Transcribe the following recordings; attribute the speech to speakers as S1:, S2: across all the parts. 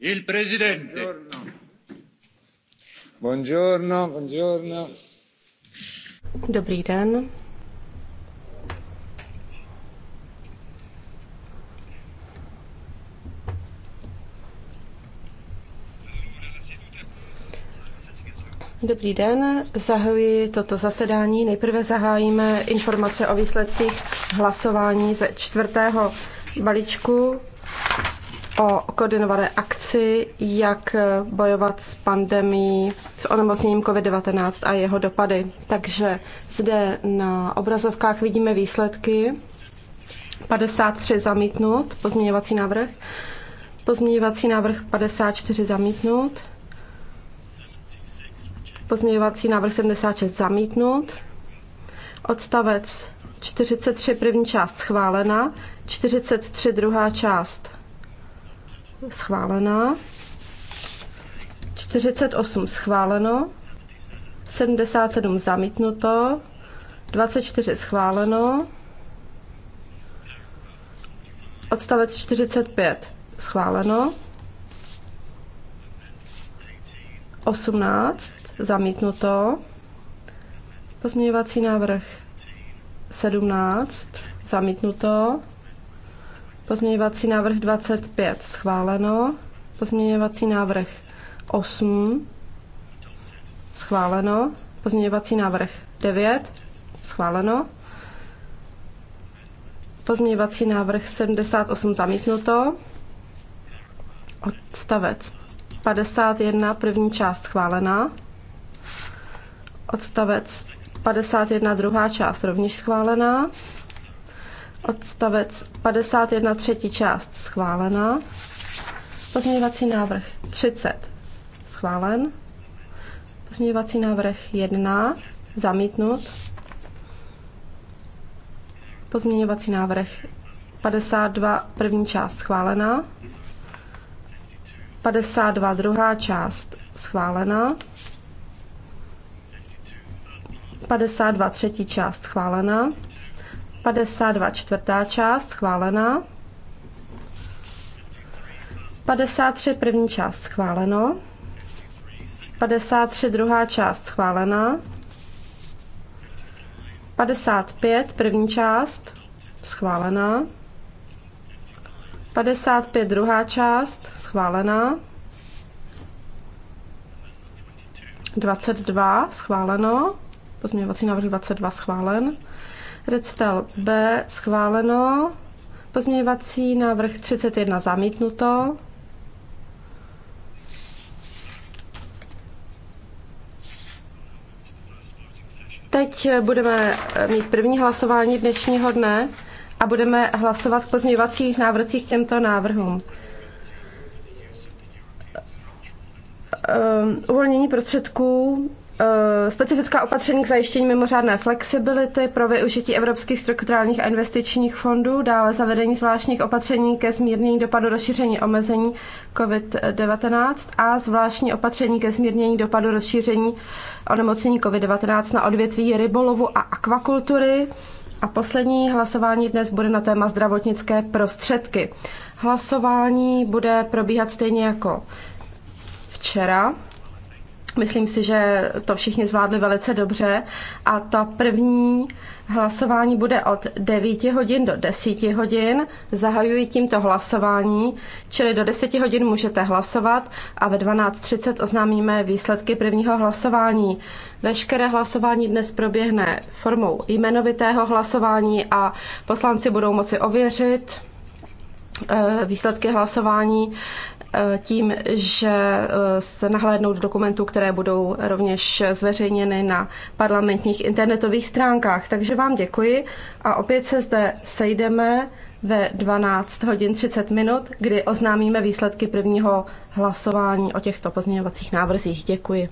S1: Il presidente.
S2: Buongiorno. Buongiorno,
S3: Dobrý den. Dobrý den, zahajuji toto zasedání. Nejprve zahájíme informace o výsledcích hlasování ze čtvrtého balíčku o koordinované akci, jak bojovat s pandemí, s onemocněním COVID-19 a jeho dopady. Takže zde na obrazovkách vidíme výsledky. 53 zamítnut, pozměňovací návrh. Pozměňovací návrh 54 zamítnut. Pozměňovací návrh 76 zamítnut. Odstavec 43 první část schválena, 43 druhá část schválená. 48 schváleno. 77 zamítnuto. 24 schváleno. Odstavec 45 schváleno. 18 zamítnuto. Pozměňovací návrh 17 zamítnuto. Pozměňovací návrh 25 schváleno. Pozměňovací návrh 8 schváleno. Pozměňovací návrh 9 schváleno. Pozměňovací návrh 78 zamítnuto. Odstavec 51 první část schválená. Odstavec 51 druhá část rovněž schválená. Odstavec 51 třetí část schválená. Pozměňovací návrh 30 schválen. Pozměňovací návrh 1 zamítnut. Pozměňovací návrh 52 první část schválená. 52 druhá část schválená. 52 třetí část schválená. 52 čtvrtá část schválena. 53 první část schváleno. 53 druhá část schválena. 55 první část schválená. 55 druhá část schválená. 22 schváleno. Pozměňovací návrh 22 schválen. Predstal B schváleno. Pozměňovací návrh 31 zamítnuto. Teď budeme mít první hlasování dnešního dne a budeme hlasovat v pozměňovacích návrcích k těmto návrhům. uvolnění prostředků Eh, specifická opatření k zajištění mimořádné flexibility pro využití evropských strukturálních a investičních fondů, dále zavedení zvláštních opatření ke zmírnění dopadu rozšíření omezení COVID-19 a zvláštní opatření ke zmírnění dopadu rozšíření onemocnění COVID-19 na odvětví rybolovu a akvakultury. A poslední hlasování dnes bude na téma zdravotnické prostředky. Hlasování bude probíhat stejně jako včera. Myslím si, že to všichni zvládli velice dobře. A ta první hlasování bude od 9 hodin do 10 hodin. Zahajuji tímto hlasování, čili do 10 hodin můžete hlasovat a ve 12.30 oznámíme výsledky prvního hlasování. Veškeré hlasování dnes proběhne formou jmenovitého hlasování a poslanci budou moci ověřit eh, výsledky hlasování Eh, tím, že eh, se nahlédnou do dokumentů, které budou rovněž zveřejněny na parlamentních internetových stránkách. Takže vám děkuji a opět se zde sejdeme ve 12 hodin 30 minut, kdy oznámíme výsledky prvního hlasování o těchto pozměňovacích návrzích. Děkuji.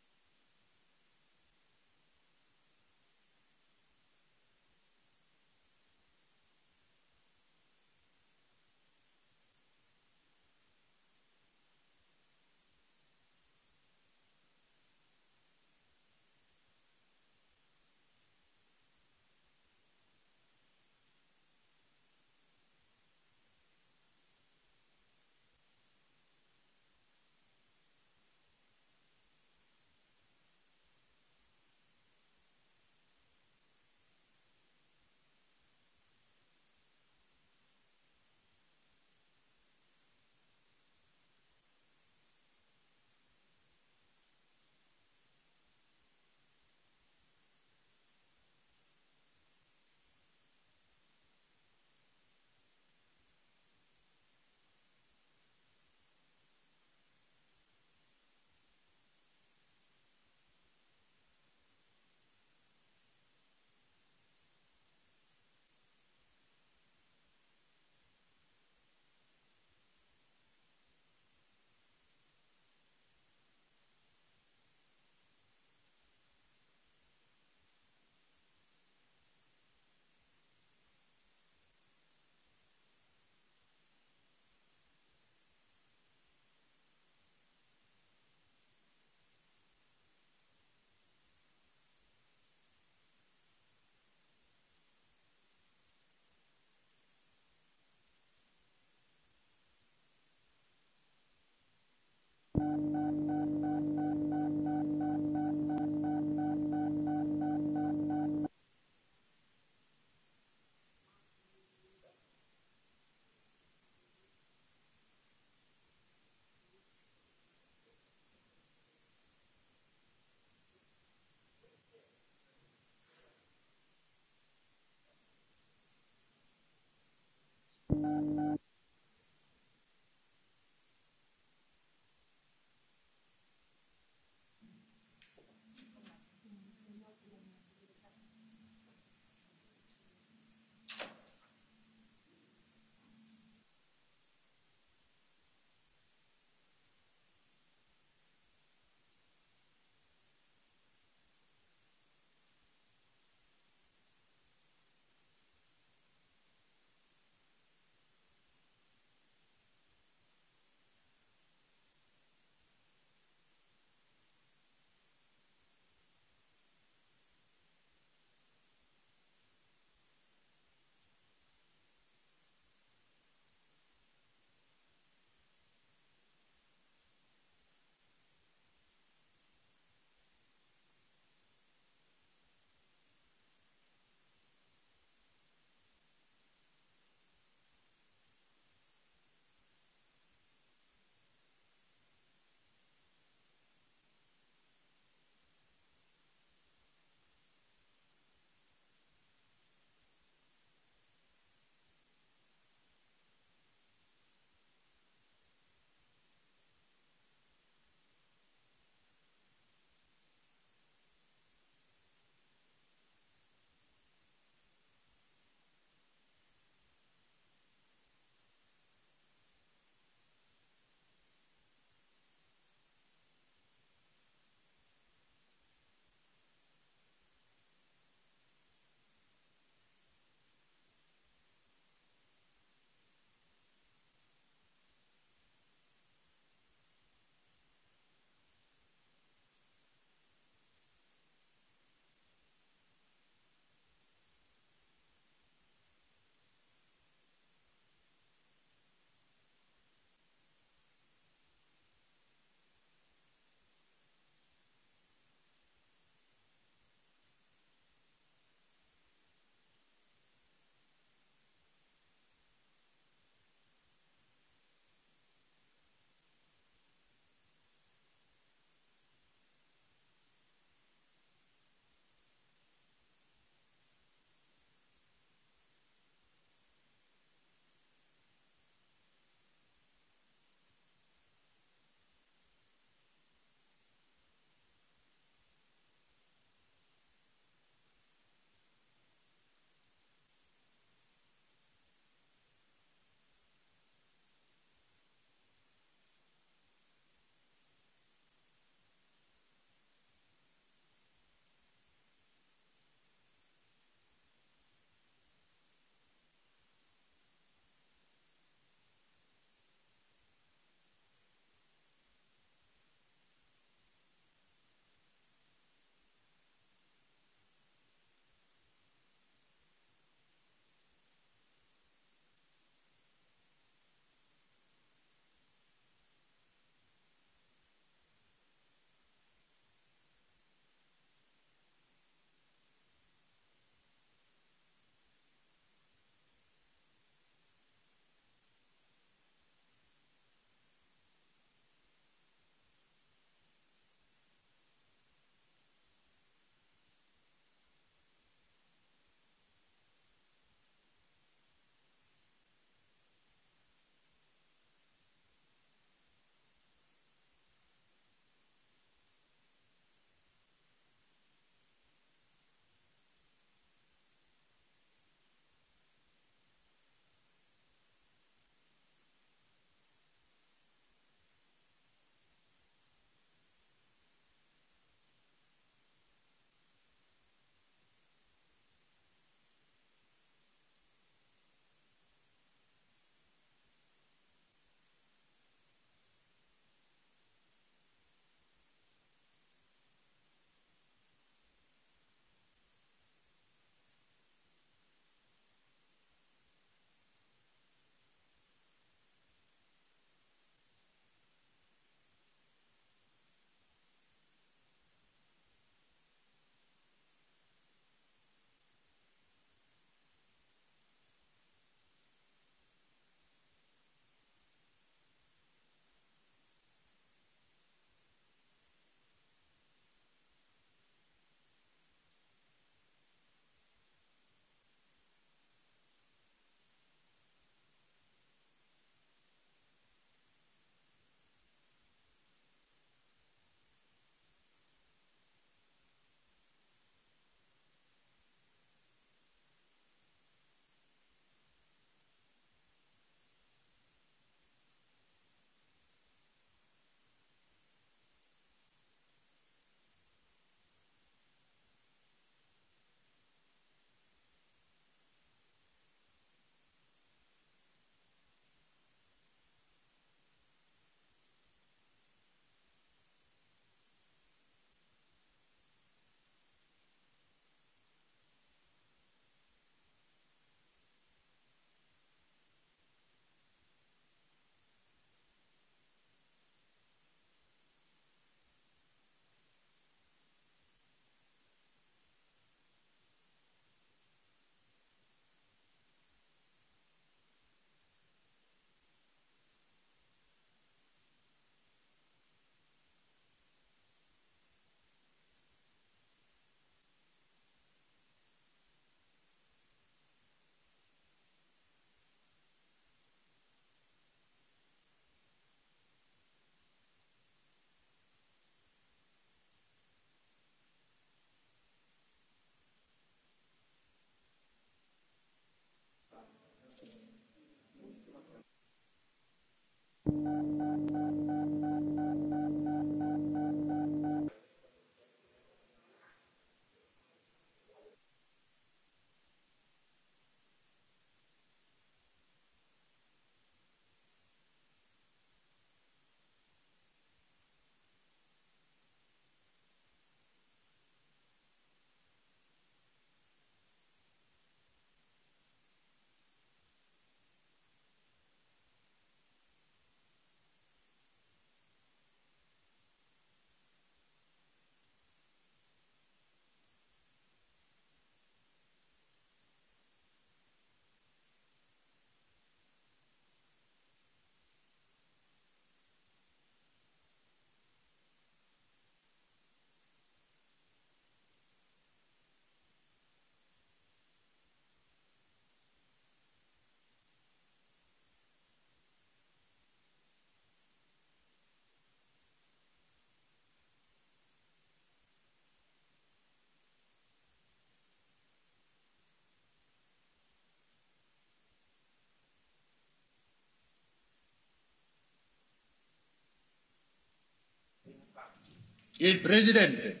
S2: Il presidente.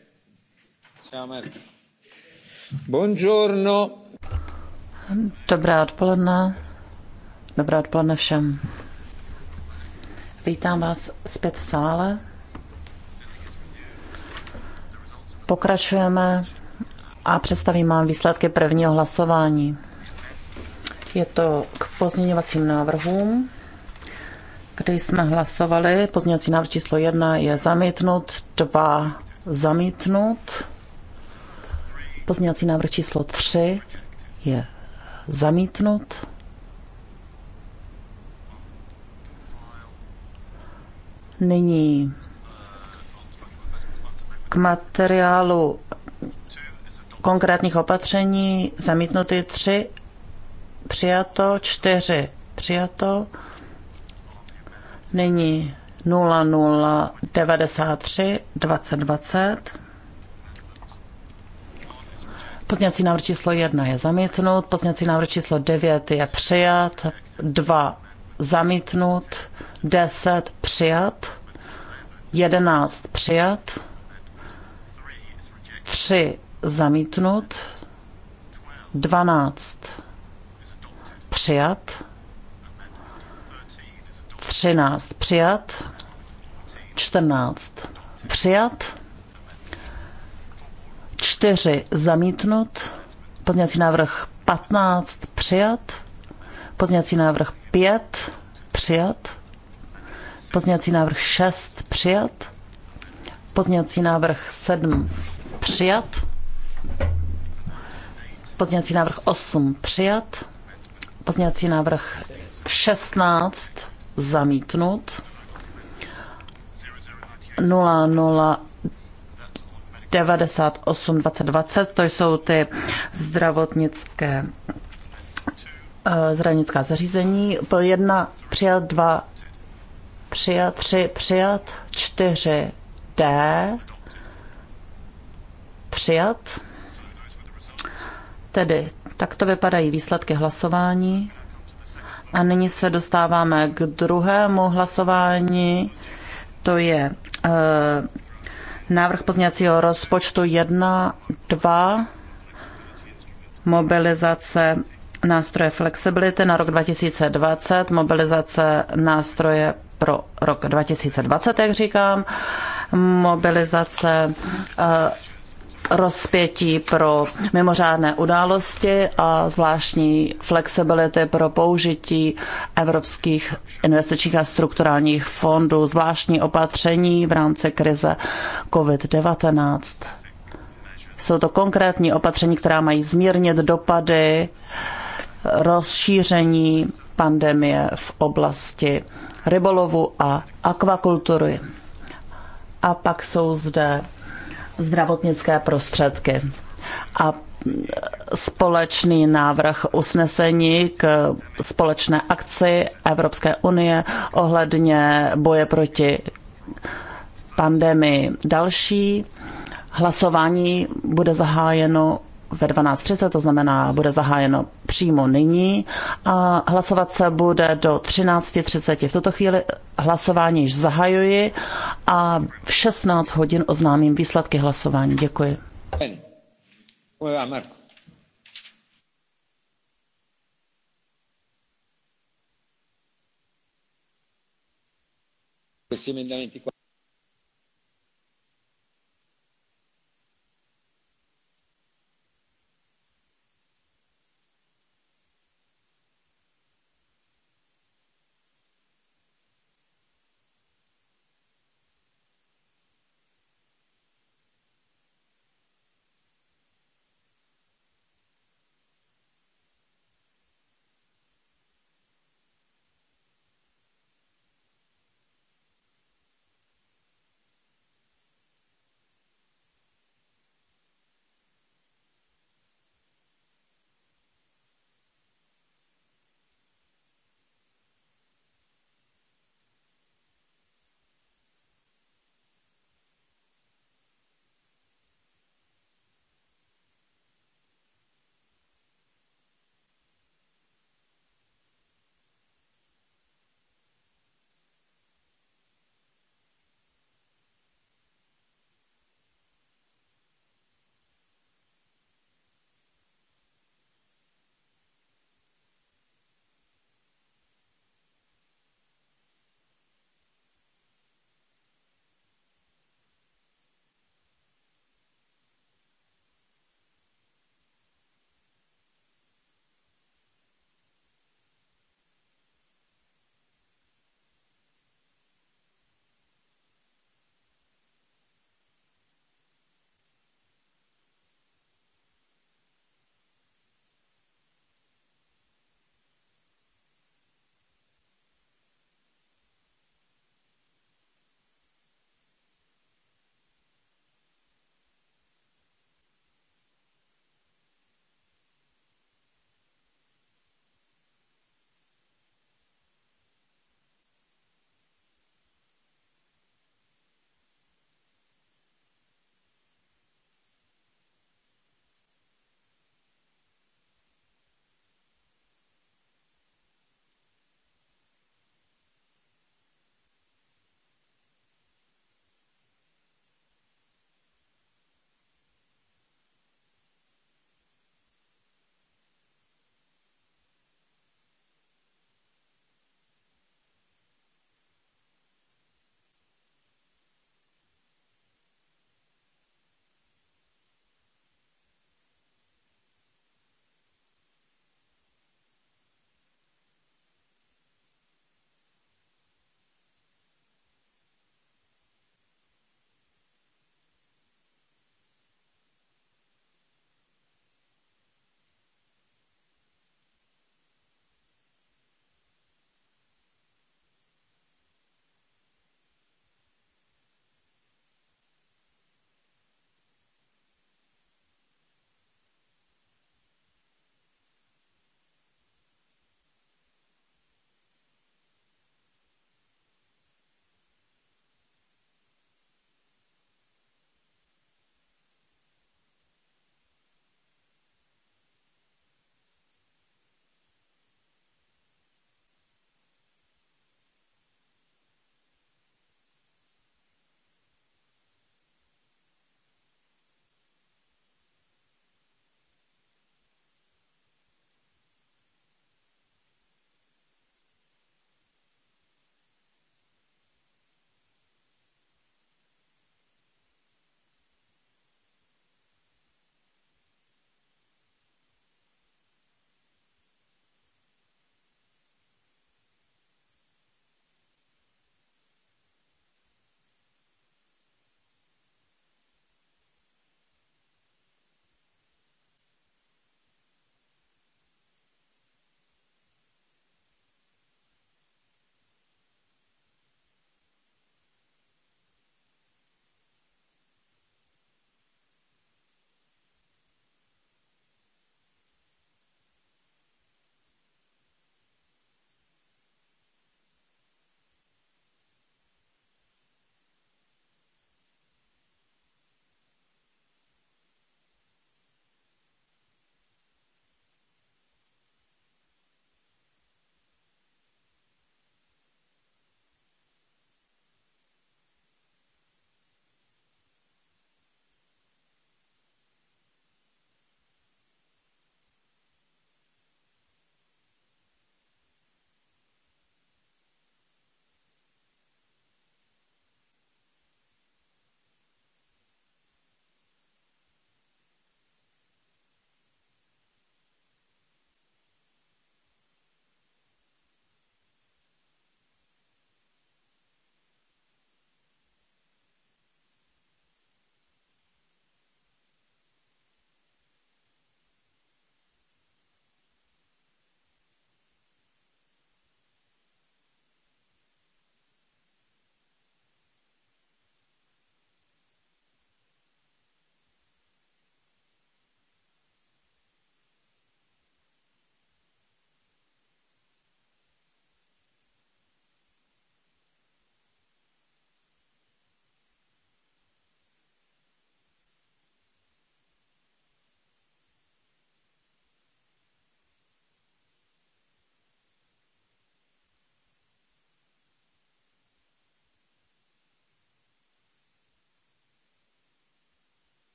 S2: Ciao Marco. Buongiorno.
S1: Dobré odpoledne. Dobré odpoledne všem. Vítám vás zpět v sále. Pokračujeme a představím vám výsledky prvního hlasování. Je to k pozměňovacím návrhům kdy jsme hlasovali. Pozměňovací návrh číslo 1 je zamítnut, 2 zamítnut. Pozměňovací návrh číslo 3 je zamítnut. Nyní k materiálu konkrétních opatření zamítnuty 3, přijato 4, přijato Nyní 0093 2020. Pozněcí návrh číslo 1 je zamítnut, pozněcí návrh číslo 9 je přijat, 2 zamítnut, 10 přijat, 11 přijat, 3 zamítnut, 12 přijat, 13 přijat, 14 přijat, 4 zamítnut, pozněcí návrh 15 přijat, pozněcí návrh 5 přijat, pozněcí návrh 6 přijat, pozněcí návrh 7 přijat, pozněcí návrh 8 přijat, pozněcí návrh 16 zamítnut. 00982020, to jsou ty zdravotnické eh, zdravotnická zařízení. Po jedna přijat, dva přijat, tři přijat, čtyři D přijat. Tedy takto vypadají výsledky hlasování. A nyní se dostáváme k druhému hlasování. To je e, návrh pozněcího rozpočtu 1, 2, mobilizace nástroje flexibility na rok 2020, mobilizace nástroje pro rok 2020, jak říkám, mobilizace eh, rozpětí pro mimořádné události a zvláštní flexibility pro použití evropských investičních a strukturálních fondů, zvláštní opatření v rámci krize COVID-19. Jsou to konkrétní opatření, která mají zmírnit dopady rozšíření pandemie v oblasti rybolovu a akvakultury. A pak jsou zde zdravotnické prostředky. A společný návrh usnesení k společné akci Evropské unie ohledně boje proti pandemii. Další hlasování bude zahájeno ve 12.30, to znamená, bude zahájeno přímo nyní a hlasovat se bude do 13.30. V tuto chvíli hlasování již zahajuji a v 16 hodin oznámím výsledky hlasování. Děkuji.
S2: Questi emendamenti qua.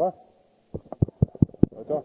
S4: va? Pojď to.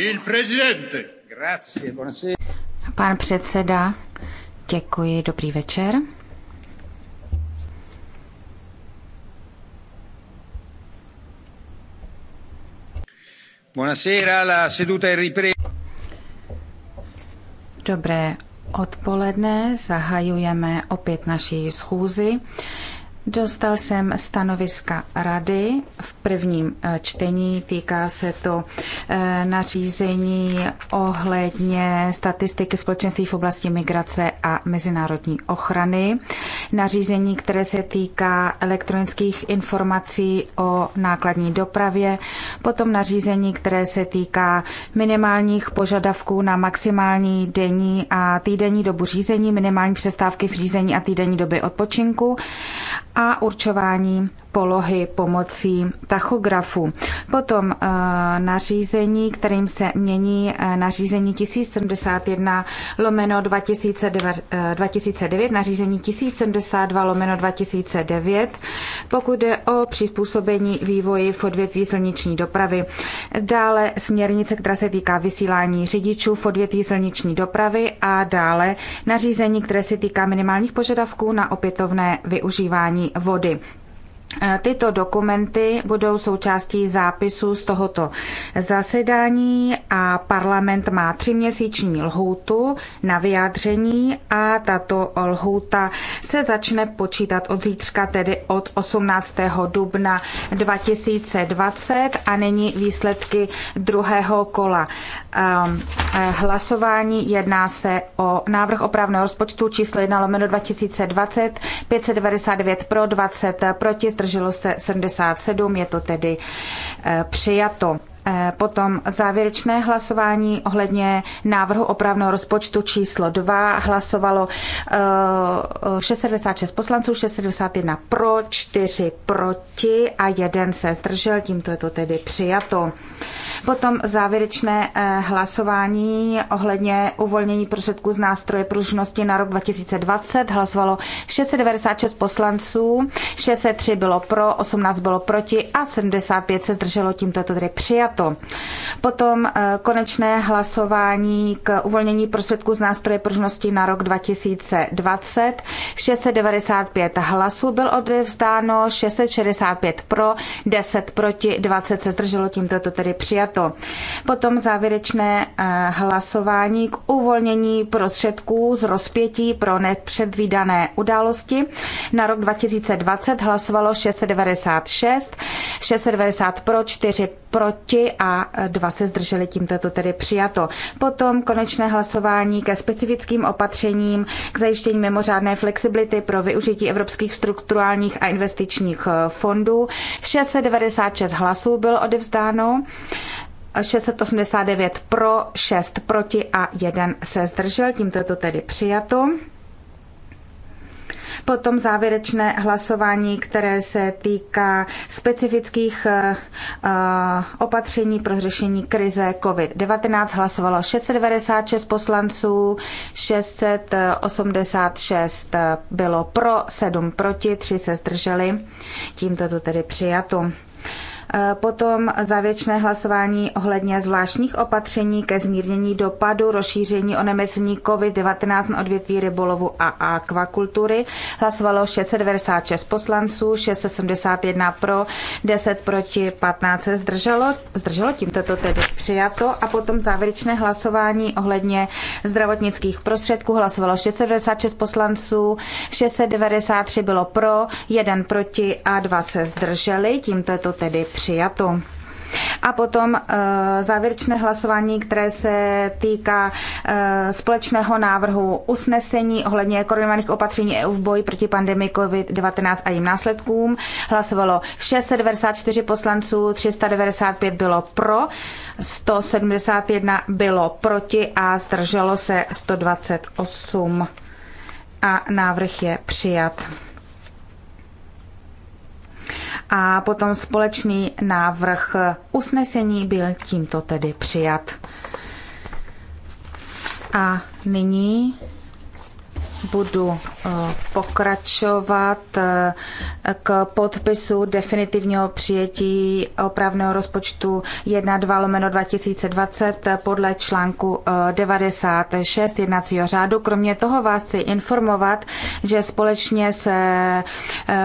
S2: Il
S1: presidente. Grazie, buonasera.
S5: Pan předseda, děkuji, dobrý večer.
S2: Buonasera, la seduta è ripresa.
S5: Dobré odpoledne, zahajujeme opět naší schůzi. Dostal jsem stanoviska rady v prvním eh, čtení. Týká se to eh, nařízení ohledně statistiky společenství v oblasti migrace a mezinárodní ochrany. Nařízení, které se týká elektronických informací o nákladní dopravě. Potom nařízení, které se týká minimálních požadavků na maximální denní a týdenní dobu řízení, minimální přestávky v řízení a týdenní doby odpočinku a určování polohy pomocí tachografu. Potom eh, nařízení, kterým se mění eh, nařízení 1071 lomeno 2009, eh, nařízení 1072 lomeno 2009, pokud jde o přizpůsobení vývoji v odvětví silniční dopravy. Dále směrnice, která se týká vysílání řidičů v odvětví silniční dopravy a dále nařízení, které se týká minimálních požadavků na opětovné využívání vody. Eh, tyto dokumenty budou součástí zápisu z tohoto zasedání a parlament má tříměsíční lhůtu na vyjádření a tato lhůta se začne počítat od zítřka, tedy od 18. dubna 2020 a nyní výsledky druhého kola. Ehm, eh, hlasování jedná se o návrh opravného rozpočtu číslo 1 lomeno 2020, 599 pro, 20 proti, zdrželo se 77, je to tedy eh, přijato. Eh, potom závěrečné hlasování ohledně návrhu opravného rozpočtu číslo 2 hlasovalo 676 eh, poslanců, 671 pro, 4 proti a jeden se zdržel, tímto je to tedy přijato. Potom závěrečné eh, hlasování ohledně uvolnění prostředků z nástroje pružnosti na rok 2020 hlasovalo 696 poslanců, 603 bylo pro, 18 bylo proti a 75 se zdrželo, tímto je to tedy přijato přijato. Potom eh, konečné hlasování k uvolnění prostředků z nástroje pružnosti na rok 2020. 695 hlasů byl odevzdáno, 665 pro, 10 proti, 20 se zdrželo, tímto to tedy přijato. Potom závěrečné eh, hlasování k uvolnění prostředků z rozpětí pro nepředvídané události. Na rok 2020 hlasovalo 696, 690 pro, 4 proti a dva se zdrželi, tímto je to tedy přijato. Potom konečné hlasování ke specifickým opatřením k zajištění mimořádné flexibility pro využití evropských strukturálních a investičních eh, fondů. 696 hlasů bylo odevzdáno. 689 pro, 6 proti a 1 se zdržel. Tímto je to tedy přijato. Potom závěrečné hlasování, které se týká specifických eh, eh, opatření pro řešení krize COVID-19. Hlasovalo 696 poslanců, 686 eh, bylo pro, 7 proti, 3 se zdrželi. Tímto to tedy přijato. Potom závěrečné hlasování ohledně zvláštních opatření ke zmírnění dopadu rozšíření onemocnění COVID-19 na odvětví rybolovu a akvakultury. Hlasovalo 696 poslanců, 671 pro, 10 proti, 15 se zdrželo. Zdrželo tímto to tedy přijato. A potom závěrečné hlasování ohledně zdravotnických prostředků. Hlasovalo 696 poslanců, 693 bylo pro, 1 proti a 2 se zdrželi. Tímto je to tedy přijato přijato. A potom eh, závěrečné hlasování, které se týká eh, společného návrhu usnesení ohledně koordinovaných opatření EU v boji proti pandemii COVID-19 a jejím následkům. Hlasovalo 694 poslanců, 395 bylo pro, 171 bylo proti a zdrželo se 128. A návrh je přijat. A potom společný návrh usnesení byl tímto tedy přijat. A nyní budu eh, pokračovat eh, k podpisu definitivního přijetí opravného rozpočtu 1.2 lomeno 2020 podle článku 96 eh, jednacího řádu. Kromě toho vás chci informovat, že společně s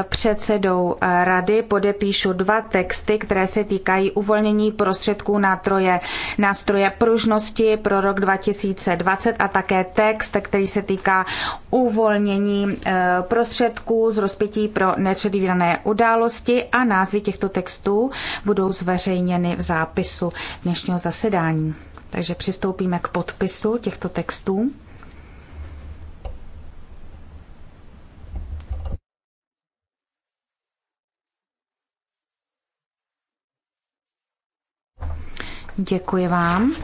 S5: předsedou rady podepíšu dva texty, které se týkají uvolnění prostředků na troje nástroje pružnosti pro rok 2020 a také text, který se týká uvolnění eh, prostředků z rozpětí pro nepředvídané události a názvy těchto textů budou zveřejněny v zápisu dnešního zasedání. Takže přistoupíme k podpisu těchto textů. Děkuji vám.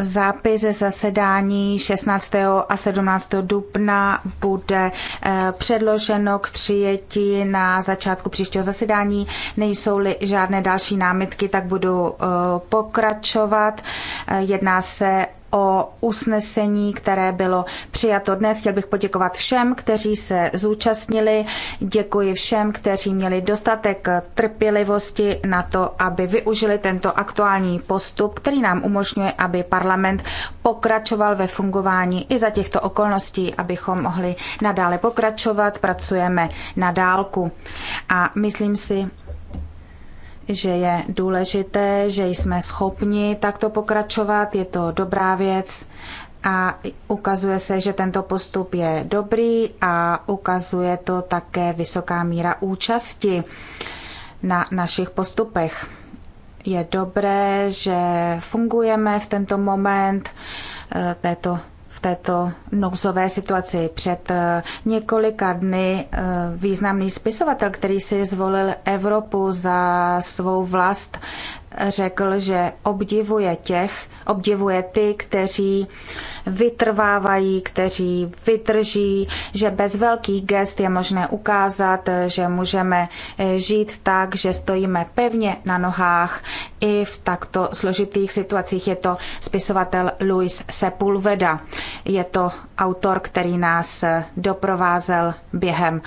S5: Zápis ze zasedání 16. a 17. dubna bude eh, předloženo k přijetí na začátku příštího zasedání. Nejsou-li žádné další námitky, tak budu eh, pokračovat. Eh, jedná se o usnesení, které bylo přijato dnes. Chtěl bych poděkovat všem, kteří se zúčastnili. Děkuji všem, kteří měli dostatek trpělivosti na to, aby využili tento aktuální postup, který nám umožňuje, aby parlament pokračoval ve fungování i za těchto okolností, abychom mohli nadále pokračovat. Pracujeme na dálku a myslím si, že je důležité, že jsme schopni takto pokračovat, je to dobrá věc a ukazuje se, že tento postup je dobrý a ukazuje to také vysoká míra účasti na našich postupech. Je dobré, že fungujeme v tento moment eh, této v této nouzové situaci. Před eh, několika dny eh, významný spisovatel, který si zvolil Evropu za svou vlast, řekl, že obdivuje těch, obdivuje ty, kteří vytrvávají, kteří vydrží, že bez velkých gest je možné ukázat, že můžeme eh, žít tak, že stojíme pevně na nohách i v takto složitých situacích. Je to spisovatel Luis Sepulveda. Je to autor, který nás eh, doprovázel během